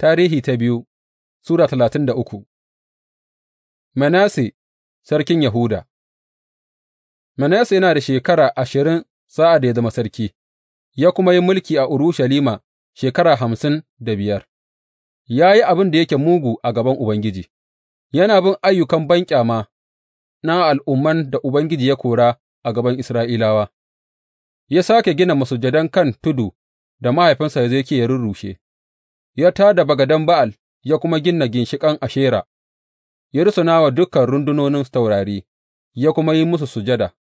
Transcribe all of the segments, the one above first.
Tarihi ta biyu Sura talatin da uku Manasse sarkin Yahuda Manasse yana da shekara ashirin sa'ad da ya zama sarki, ya kuma yi mulki a Urushalima shekara hamsin da biyar, ya yi abin da yake mugu a gaban Ubangiji, yana bin ayyukan banƙyama na al'umman da Ubangiji ya kora a gaban Isra'ilawa, ya sake gina masujadan kan tudu da mahaifinsa Hezekiya ya rurrushe. ya tā da bagadan Ba'al ya kuma gina ginshiƙan Ashera, ya rusuna wa dukan rundunonin taurari, ya kuma yi musu sujada,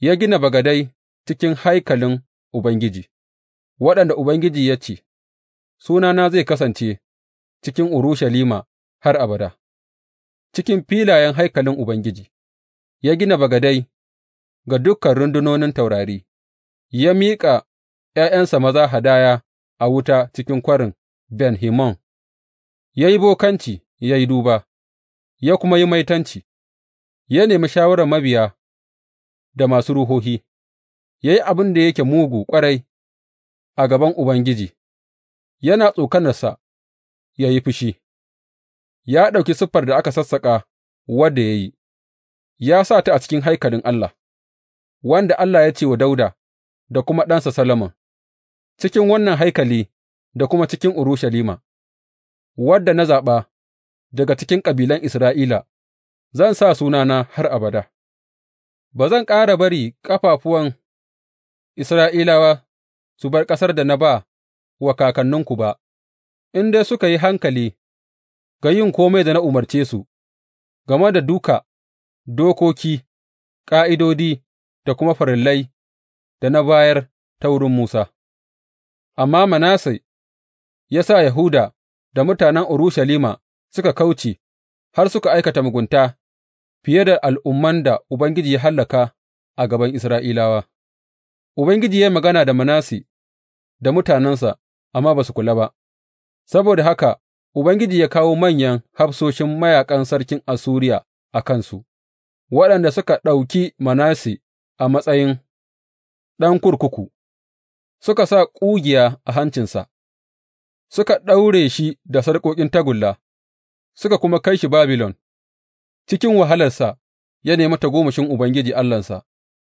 ya gina bagadai cikin haikalin Ubangiji, waɗanda Ubangiji ya ce, Sunana zai kasance cikin Urushalima har abada, cikin filayen haikalin Ubangiji, ya gina bagadai ga dukan rundunonin taurari, ya miƙa ’ya'yansa maza hadaya a wuta cikin kwarin Ben Hinnom, ya yi bokanci ya yi duba, ya kuma yi maitanci, ya nemi shawarar mabiya da masu ruhohi, ya yi abin da yake mugu ƙwarai a gaban Ubangiji, yana tsokanarsa ya yi fushi, ya ɗauki siffar da aka sassaƙa wadda ya yi, ya sa ta a cikin haikalin Allah, wanda Allah ya ce wa Dauda da kuma ɗansa Solomon, Cikin wannan haikali. da kuma cikin Urushalima, wadda na zaɓa daga cikin kabilan Isra'ila, zan sa sunana har abada, ba zan ƙara bari ƙafafuwan Isra'ilawa su bar ƙasar da na ba wa kakanninku ba, in dai suka yi hankali ga yin kome da na umarce su game da duka dokoki, ƙa'idodi da kuma farillai da na bayar ta wurin Musa. Amma Manasse ya sa Yahuda da mutanen Urushalima suka kauce har suka aikata mugunta fiye da al'umman da Ubangiji ya hallaka a gaban Isra'ilawa. Ubangiji ya yi magana da Manasi da mutanensa, amma ba su kula ba, saboda haka Ubangiji ya kawo manyan hafsoshin mayaƙan sarkin Asuriya a kansu, waɗanda suka ɗauki Manasi a matsayin ɗan kurkuku, suka sa ƙugiya a hancinsa. suka ɗaure shi da sarƙoƙin tagulla, suka kuma kai shi Babilon, cikin wahalarsa ya nemi tagomashin Ubangiji Allahnsa,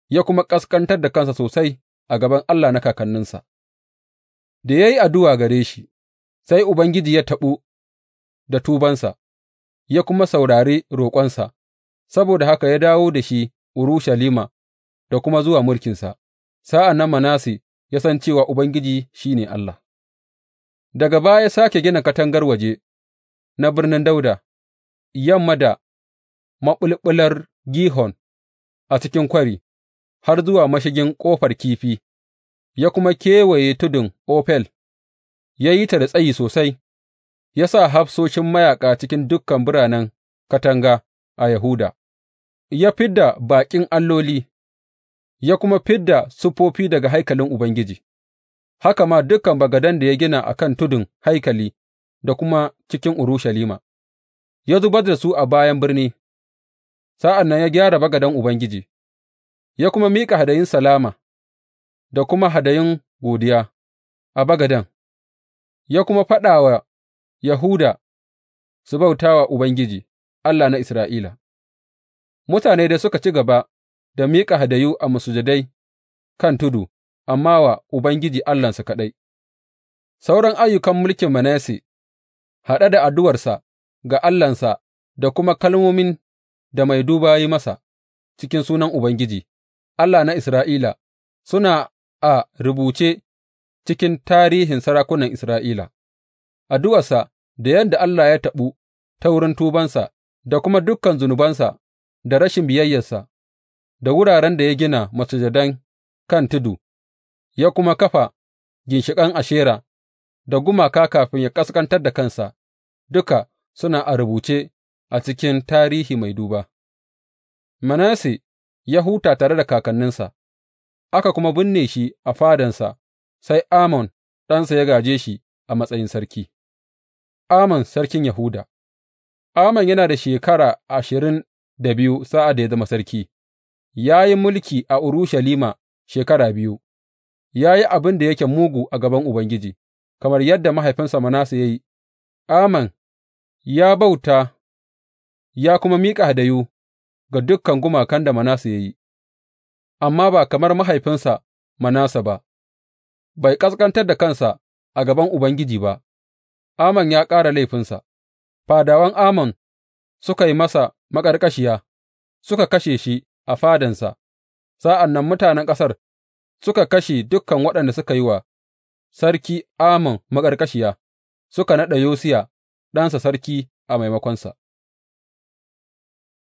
ya kuma ƙasƙantar da kansa sosai a gaban Allah na kakanninsa. Da ya yi addu'a gare shi, sai Ubangiji ya taɓu da tubansa, ya kuma saurari roƙonsa, saboda haka ya dawo da shi Urushalima da kuma zuwa mulkinsa, sa'an nan Manasse ya san cewa Ubangiji shi ne Allah. Daga baya ya sāke gina katangar waje na Birnin Dawuda, yamma da maɓulɓular Gihon a cikin kwari, har zuwa mashigin Ƙofar Kifi, ya kuma kewaye tudun Ofel, ya yi ta da tsayi sosai, ya sa hafsoshin mayaƙa cikin dukan biranen katanga a Yahuda, ya fidda baƙin alloli, ya kuma fidda da siffofi daga haikalin Ubangiji. haka ma dukan bagadan da ya gina a kan tudun haikali da kuma cikin Urushalima, ya zubar da su a bayan birni, sa'an nan ya gyara bagadan Ubangiji, ya kuma miƙa hadayin salama da kuma hadayin godiya a bagadan. ya kuma faɗa wa Yahuda su bauta wa Ubangiji, Allah na Isra'ila. Mutane da suka ci gaba da miƙa hadayu a masujadai kan tudu amma wa Ubangiji Allahnsa kaɗai, sauran ayyukan mulkin Manasse, haɗe da addu'arsa ga Allahnsa da kuma kalmomin da mai duba yi masa cikin sunan Ubangiji, Allah na Isra'ila, suna a rubuce cikin tarihin sarakunan Isra'ila, addu'arsa da yadda Allah ya taɓu ta wurin tubansa da kuma dukan zunubansa da rashin biyayyarsa, da wuraren da ya gina jadan kan tudu ya kuma kafa ginshiƙan Ashera da gumaka kafin ya ƙasƙantar da kansa, duka suna a rubuce a cikin tarihi mai duba. Manasse ya huta tare da kakanninsa, aka kuma binne shi a fadansa, sai Amon ɗansa ya gaje shi a matsayin sarki. Amon sarkin Yahuda Amon yana da shekara ashirin da biyu sa'ad da ya zama sarki, ya yi mulki a Urushalima shekara biyu. ya yi abin da yake mugu a gaban Ubangiji, kamar yadda mahaifinsa Manasse ya yi, Amon ya bauta ya kuma miƙa hadayu ga dukan gumakan da Manasse ya yi, amma ba kamar mahaifinsa Manasse ba, bai ƙasƙantar da kansa a gaban Ubangiji ba, Amon ya ƙara laifinsa, fadawan Amon suka yi masa maƙarƙashiya, suka kashe shi a fadansa, sa'an nan mutanen ƙasar suka kashe dukan waɗanda suka yi wa sarki Amon maƙarƙashiya, suka naɗa Yosiya ɗansa sarki a maimakonsa.